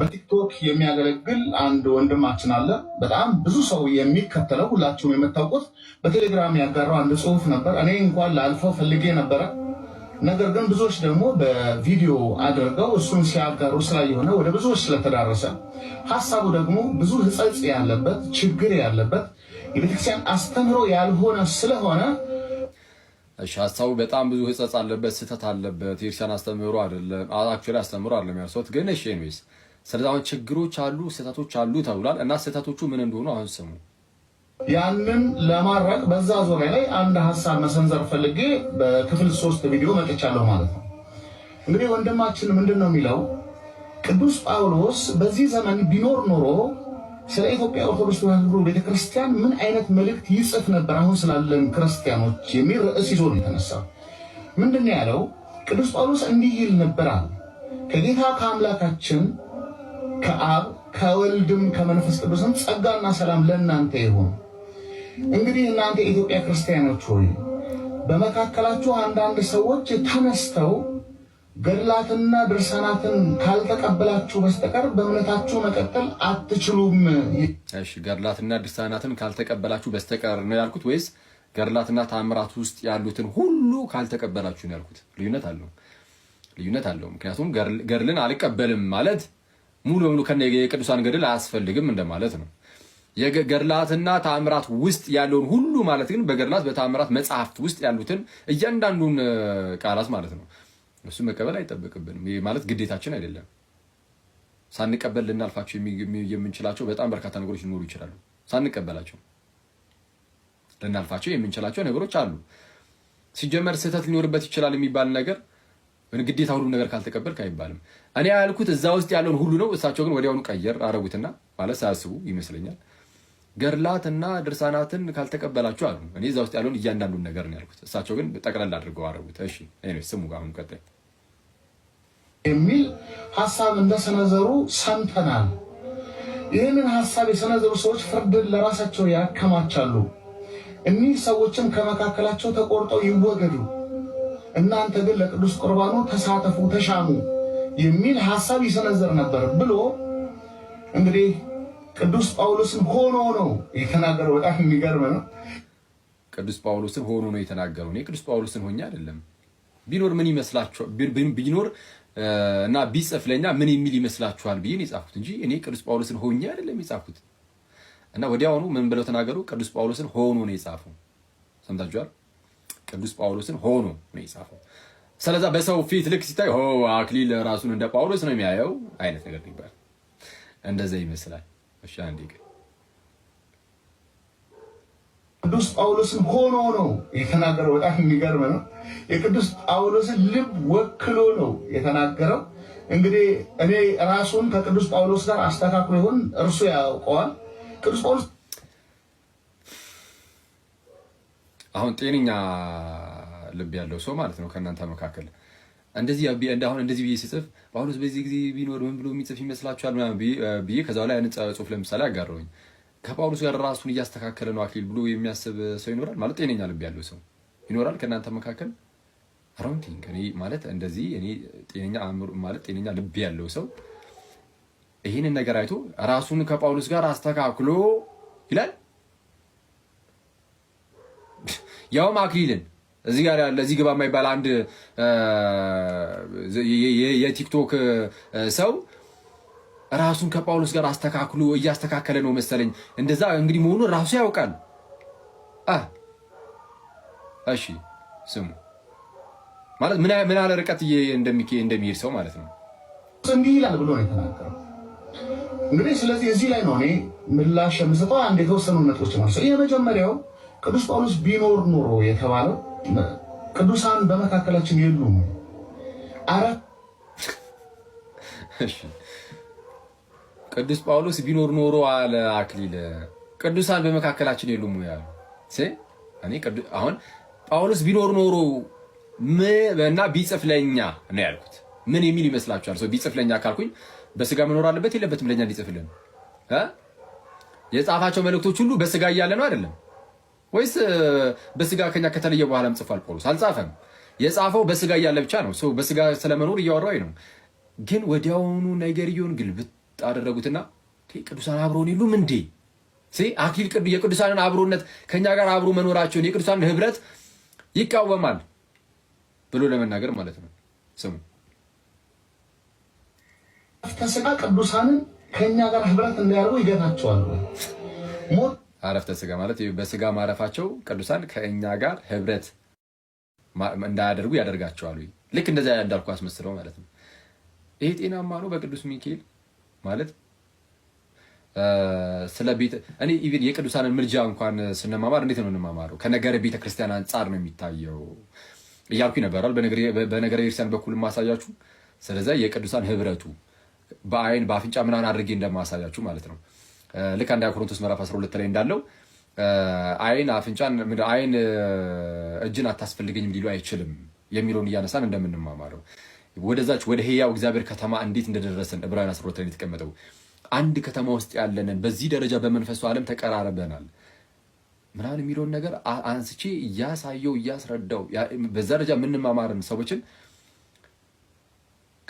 በቲክቶክ የሚያገለግል አንድ ወንድማችን አለ። በጣም ብዙ ሰው የሚከተለው ሁላችሁም የምታውቁት በቴሌግራም ያጋራው አንድ ጽሁፍ ነበር። እኔ እንኳን ላልፈው ፈልጌ ነበረ። ነገር ግን ብዙዎች ደግሞ በቪዲዮ አድርገው እሱን ሲያጋሩ ስራ የሆነ ወደ ብዙዎች ስለተዳረሰ ሀሳቡ ደግሞ ብዙ ሕጸጽ ያለበት ችግር ያለበት የቤተክርስቲያን አስተምህሮ ያልሆነ ስለሆነ እሺ ሀሳቡ በጣም ብዙ ሕጸጽ አለበት፣ ስህተት አለበት፣ የክርስቲያን አስተምህሮ አይደለም። አክቹዋሊ አስተምህሮ አይደለም ያልሰውት ግን እሺ ስለዚህ አሁን ችግሮች አሉ፣ ስህተቶች አሉ ተብሏል እና ስህተቶቹ ምን እንደሆኑ አሁን ስሙ። ያንን ለማድረግ በዛ ዙሪያ ላይ አንድ ሀሳብ መሰንዘር ፈልጌ በክፍል ሶስት ቪዲዮ መጥቻለሁ ማለት ነው። እንግዲህ ወንድማችን ምንድን ነው የሚለው ቅዱስ ጳውሎስ በዚህ ዘመን ቢኖር ኖሮ ስለ ኢትዮጵያ ኦርቶዶክስ ተዋሕዶ ቤተክርስቲያን ምን አይነት መልእክት ይጽፍ ነበር አሁን ስላለን ክርስቲያኖች የሚል ርዕስ ይዞ ነው የተነሳ። ምንድን ነው ያለው ቅዱስ ጳውሎስ እንዲህ ይል ነበራል ከጌታ ከአምላካችን ከአብ ከወልድም ከመንፈስ ቅዱስም ጸጋና ሰላም ለእናንተ ይሁን። እንግዲህ እናንተ የኢትዮጵያ ክርስቲያኖች ሆይ በመካከላችሁ አንዳንድ ሰዎች ተነስተው ገድላትና ድርሳናትን ካልተቀበላችሁ በስተቀር በእምነታችሁ መቀጠል አትችሉም። እሺ፣ ገድላትና ድርሳናትን ካልተቀበላችሁ በስተቀር ነው ያልኩት ወይስ ገድላትና ታምራት ውስጥ ያሉትን ሁሉ ካልተቀበላችሁ ነው ያልኩት? ልዩነት አለው፣ ልዩነት አለው። ምክንያቱም ገድልን አልቀበልም ማለት ሙሉ በሙሉ የቅዱሳን ገድል አያስፈልግም እንደማለት ነው። የገድላትና ታምራት ውስጥ ያለውን ሁሉ ማለት ግን በገድላት በታምራት መጽሐፍት ውስጥ ያሉትን እያንዳንዱን ቃላት ማለት ነው እሱ መቀበል አይጠበቅብንም። ይህ ማለት ግዴታችን አይደለም። ሳንቀበል ልናልፋቸው የምንችላቸው በጣም በርካታ ነገሮች ሊኖሩ ይችላሉ። ሳንቀበላቸው ልናልፋቸው የምንችላቸው ነገሮች አሉ። ሲጀመር ስህተት ሊኖርበት ይችላል የሚባል ነገር ግዴታ ሁሉም ነገር ካልተቀበልክ አይባልም። እኔ ያልኩት እዛ ውስጥ ያለውን ሁሉ ነው። እሳቸው ግን ወዲያውኑ ቀየር አረጉትና ማለት ሳያስቡ ይመስለኛል ገድላትና ድርሳናትን ካልተቀበላችሁ አሉ። እኔ እዛ ውስጥ ያለውን እያንዳንዱን ነገር ነው ያልኩት። እሳቸው ግን ጠቅለል አድርገው አረጉት። እሺ ስሙ፣ አሁን ቀጣይ የሚል ሀሳብ እንደሰነዘሩ ሰምተናል። ይህንን ሀሳብ የሰነዘሩ ሰዎች ፍርድን ለራሳቸው ያከማቻሉ። እኒህ ሰዎችም ከመካከላቸው ተቆርጠው ይወገዱ። እናንተ ግን ለቅዱስ ቁርባኑ ተሳተፉ፣ ተሻሙ የሚል ሐሳብ ይሰነዘር ነበር ብሎ እንግዲህ ቅዱስ ጳውሎስን ሆኖ ነው የተናገረው። በጣም የሚገርም ነው። ቅዱስ ጳውሎስን ሆኖ ነው የተናገረው። እኔ ቅዱስ ጳውሎስን ሆኜ አይደለም። ቢኖር ምን ይመስላችኋል? ቢኖር እና ቢጽፍ ለኛ ምን የሚል ይመስላችኋል ብዬ ነው የጻፍኩት እንጂ እኔ ቅዱስ ጳውሎስን ሆኜ አይደለም የጻፍኩት። እና ወዲያውኑ ምን ብለው ተናገሩ? ቅዱስ ጳውሎስን ሆኖ ነው የጻፈው። ሰምታችኋል? ቅዱስ ጳውሎስን ሆኖ ነው የጻፈው። ስለዛ በሰው ፊት ልክ ሲታይ ሆ አክሊል ራሱን እንደ ጳውሎስ ነው የሚያየው አይነት ነገር ይባል እንደዛ ይመስላል። እሺ አንዴ ግን ቅዱስ ጳውሎስን ሆኖ ነው የተናገረው። በጣም የሚገርም ነው። የቅዱስ ጳውሎስን ልብ ወክሎ ነው የተናገረው። እንግዲህ እኔ ራሱን ከቅዱስ ጳውሎስ ጋር አስተካክሎ ይሆን እርሱ ያውቀዋል። ቅዱስ ጳውሎስ አሁን ጤነኛ ልብ ያለው ሰው ማለት ነው ከእናንተ መካከል እንደዚህ አሁን እንደዚህ ብዬ ሲጽፍ በአሁኑ በዚህ ጊዜ ቢኖር ምን ብሎ የሚጽፍ ይመስላችኋል ብዬ ከዛ ላይ አንጻ ጽሁፍ ለምሳሌ አጋረውኝ ከጳውሎስ ጋር ራሱን እያስተካከለ ነው አክሊል ብሎ የሚያስብ ሰው ይኖራል ማለት ጤነኛ ልብ ያለው ሰው ይኖራል ከእናንተ መካከል እኔ ማለት እንደዚህ እኔ ጤነኛ አእምሮ ማለት ጤነኛ ልብ ያለው ሰው ይህንን ነገር አይቶ ራሱን ከጳውሎስ ጋር አስተካክሎ ይላል ያውም አክሊልን እዚህ ጋር ያለ እዚህ ግባ የማይባል አንድ የቲክቶክ ሰው ራሱን ከጳውሎስ ጋር አስተካክሎ እያስተካከለ ነው መሰለኝ። እንደዛ እንግዲህ መሆኑ ራሱ ያውቃል። እሺ ስሙ ማለት ምን ያለ ርቀት እንደሚሄድ ሰው ማለት ነው። እንዲህ ይላል ብሎ የተናገረው እንግዲህ። ስለዚህ እዚህ ላይ ነው እኔ ምላሽ የምሰጠው። አንድ የተወሰኑ ነጥቦች ነው። የመጀመሪያው ቅዱስ ጳውሎስ ቢኖር ኑሮ የተባለው ቅዱሳን በመካከላችን የሉም። አረ ቅዱስ ጳውሎስ ቢኖር ኖሮ አለ አክሊል። ቅዱሳን በመካከላችን የሉም ያሉ አሁን ጳውሎስ ቢኖር ኖሮ እና ቢጽፍ ለእኛ ነው ያልኩት። ምን የሚል ይመስላችኋል? ሰው ቢጽፍ ለእኛ ካልኩኝ በስጋ መኖር አለበት የለበትም? ለእኛ ሊጽፍልን የጻፋቸው መልእክቶች ሁሉ በስጋ እያለ ነው አይደለም ወይስ በስጋ ከኛ ከተለየ በኋላም ጽፏል? ጳውሎስ አልጻፈም። የጻፈው በስጋ እያለ ብቻ ነው። ሰው በስጋ ስለመኖር እያወራ ነው። ግን ወዲያውኑ ነገርየውን ግልብጥ አደረጉትና ቅዱሳን አብረውን የሉም እንዴ? አክሊል የቅዱሳንን አብሮነት ከኛ ጋር አብሮ መኖራቸውን የቅዱሳንን ህብረት ይቃወማል ብሎ ለመናገር ማለት ነው። ስሙ ከስጋ ቅዱሳንን ከእኛ ጋር ህብረት እንዳያደርጉ ይገታቸዋል። አረፍተ ስጋ ማለት በስጋ ማረፋቸው ቅዱሳን ከእኛ ጋር ህብረት እንዳያደርጉ ያደርጋቸዋል። ልክ እንደዚ እንዳልኩ አስመስለው ማለት ነው። ይሄ ጤናማ ነው። በቅዱስ ሚካኤል ማለት ስለ ቤተ እኔ ኢቭን የቅዱሳንን ምልጃ እንኳን ስንማማር እንዴት ነው እንማማረው? ከነገረ ቤተ ክርስቲያን አንጻር ነው የሚታየው እያልኩ ይነበራል። በነገረ ቤተክርስቲያን በኩል ማሳያችሁ። ስለዚ የቅዱሳን ህብረቱ በአይን በአፍንጫ ምናን አድርጌ እንደማሳያችሁ ማለት ነው። ልክ አንዳ ቆሮንቶስ ምዕራፍ 12 ላይ እንዳለው አይን አፍንጫን አይን እጅን አታስፈልገኝም ሊሉ አይችልም የሚለውን እያነሳን እንደምንማማረው ወደዛች ወደ ህያው እግዚአብሔር ከተማ እንዴት እንደደረሰን ዕብራውያን 12 ላይ የተቀመጠው አንድ ከተማ ውስጥ ያለንን በዚህ ደረጃ በመንፈሱ ዓለም ተቀራርበናል ምናምን የሚለውን ነገር አንስቼ እያሳየው እያስረዳው በዛ ደረጃ የምንማማርን ሰዎችን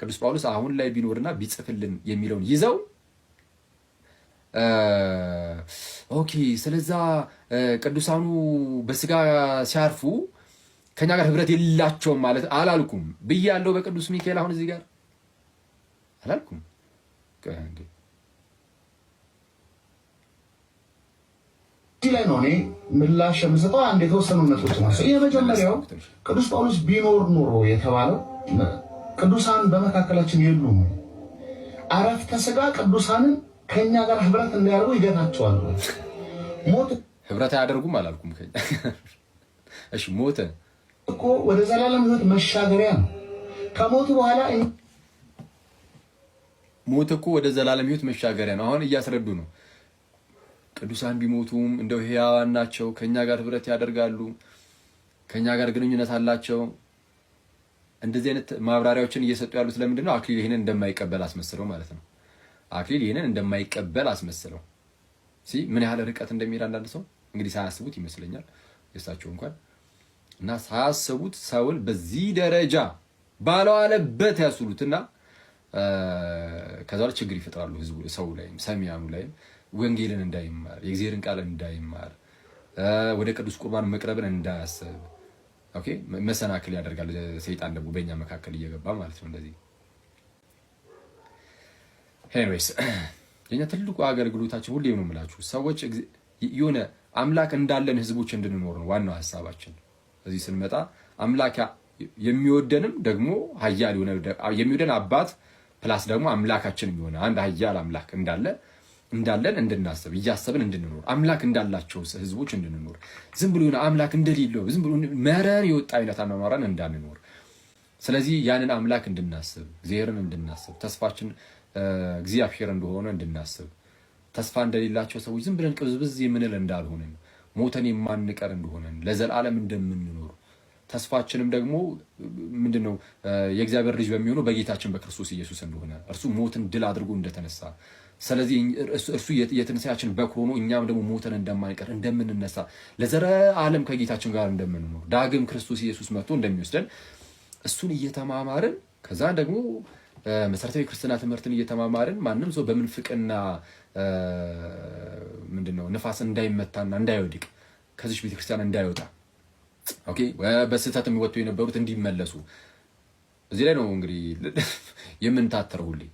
ቅዱስ ጳውሎስ አሁን ላይ ቢኖርና ቢጽፍልን የሚለውን ይዘው ኦኬ ስለዛ ቅዱሳኑ በስጋ ሲያርፉ ከኛ ጋር ህብረት የላቸውም ማለት አላልኩም ብዬ ያለው በቅዱስ ሚካኤል አሁን እዚህ ጋር አላልኩም። እዚህ ላይ ነው እኔ ምላሽ የምሰጠው። አንድ የተወሰኑ ነጥቦች ናቸው። የመጀመሪያው ቅዱስ ጳውሎስ ቢኖር ኖሮ የተባለው ቅዱሳን በመካከላችን የሉም። አረፍተ ስጋ ቅዱሳንን ከኛ ጋር ህብረት እንዳያደርጉ ይገታቸዋል። ሞት ህብረት አያደርጉም አላልኩም። እሺ ሞተ እኮ ወደ ዘላለም ህይወት መሻገሪያ ነው። ከሞቱ በኋላ ሞት እኮ ወደ ዘላለም ህይወት መሻገሪያ ነው። አሁን እያስረዱ ነው። ቅዱሳን ቢሞቱም እንደው ህያዋን ናቸው። ከእኛ ጋር ህብረት ያደርጋሉ፣ ከእኛ ጋር ግንኙነት አላቸው። እንደዚህ አይነት ማብራሪያዎችን እየሰጡ ያሉት ለምንድን ነው? አክሊሉ ይህንን እንደማይቀበል አስመስለው ማለት ነው። አክሊል ይህንን እንደማይቀበል አስመስለው ሲ ምን ያህል ርቀት እንደሚሄድ አንዳንድ ሰው እንግዲህ ሳያስቡት ይመስለኛል የእሳቸው እንኳን እና ሳያስቡት ሰውን በዚህ ደረጃ ባለዋለበት ያስሉትና ከዛ ችግር ይፈጥራሉ። ህዝቡ ሰው ላይም ሰሚያኑ ላይም ወንጌልን እንዳይማር የእግዚአብሔርን ቃል እንዳይማር ወደ ቅዱስ ቁርባን መቅረብን እንዳያስብ ኦኬ መሰናክል ያደርጋል። ሰይጣን ደግሞ በእኛ መካከል እየገባ ማለት ነው እንደዚህ ኤኒዌይስ የኛ ትልቁ አገልግሎታችን ሁሌ ነው የምላችሁ ሰዎች የሆነ አምላክ እንዳለን ህዝቦች እንድንኖር ነው ዋናው ሀሳባችን። እዚህ ስንመጣ አምላክ የሚወደንም ደግሞ ሀያል የሆነ የሚወደን አባት ፕላስ ደግሞ አምላካችን የሆነ አንድ ሀያል አምላክ እንዳለ እንዳለን እንድናስብ እያሰብን እንድንኖር አምላክ እንዳላቸው ህዝቦች እንድንኖር ዝም ብሎ አምላክ እንደሌለው ዝም ብሎ መረር የወጣ አይነት አኗኗረን እንዳንኖር ስለዚህ ያንን አምላክ እንድናስብ እግዚአብሔርን እንድናስብ ተስፋችን እግዚአብሔር እንደሆነ እንድናስብ ተስፋ እንደሌላቸው ሰዎች ዝም ብለን ቅብዝብዝ የምንል እንዳልሆንን ሞተን የማንቀር እንደሆነን ለዘላለም እንደምንኖር ተስፋችንም ደግሞ ምንድን ነው የእግዚአብሔር ልጅ በሚሆነው በጌታችን በክርስቶስ ኢየሱስ እንደሆነ እርሱ ሞትን ድል አድርጎ እንደተነሳ ስለዚህ እርሱ የትንሳያችን በኩር ሆኖ እኛም ደግሞ ሞተን እንደማንቀር እንደምንነሳ ዓለም ከጌታችን ጋር እንደምንኖር ዳግም ክርስቶስ ኢየሱስ መጥቶ እንደሚወስደን እሱን እየተማማርን ከዛ ደግሞ መሰረታዊ ክርስትና ትምህርትን እየተማማርን ማንም ሰው በምንፍቅና ምንድነው ንፋስ እንዳይመታና እንዳይወድቅ ከዚች ቤተክርስቲያን እንዳይወጣ ኦኬ፣ በስህተት የሚወጡ የነበሩት እንዲመለሱ እዚህ ላይ ነው እንግዲህ የምንታተረው ሁሌ።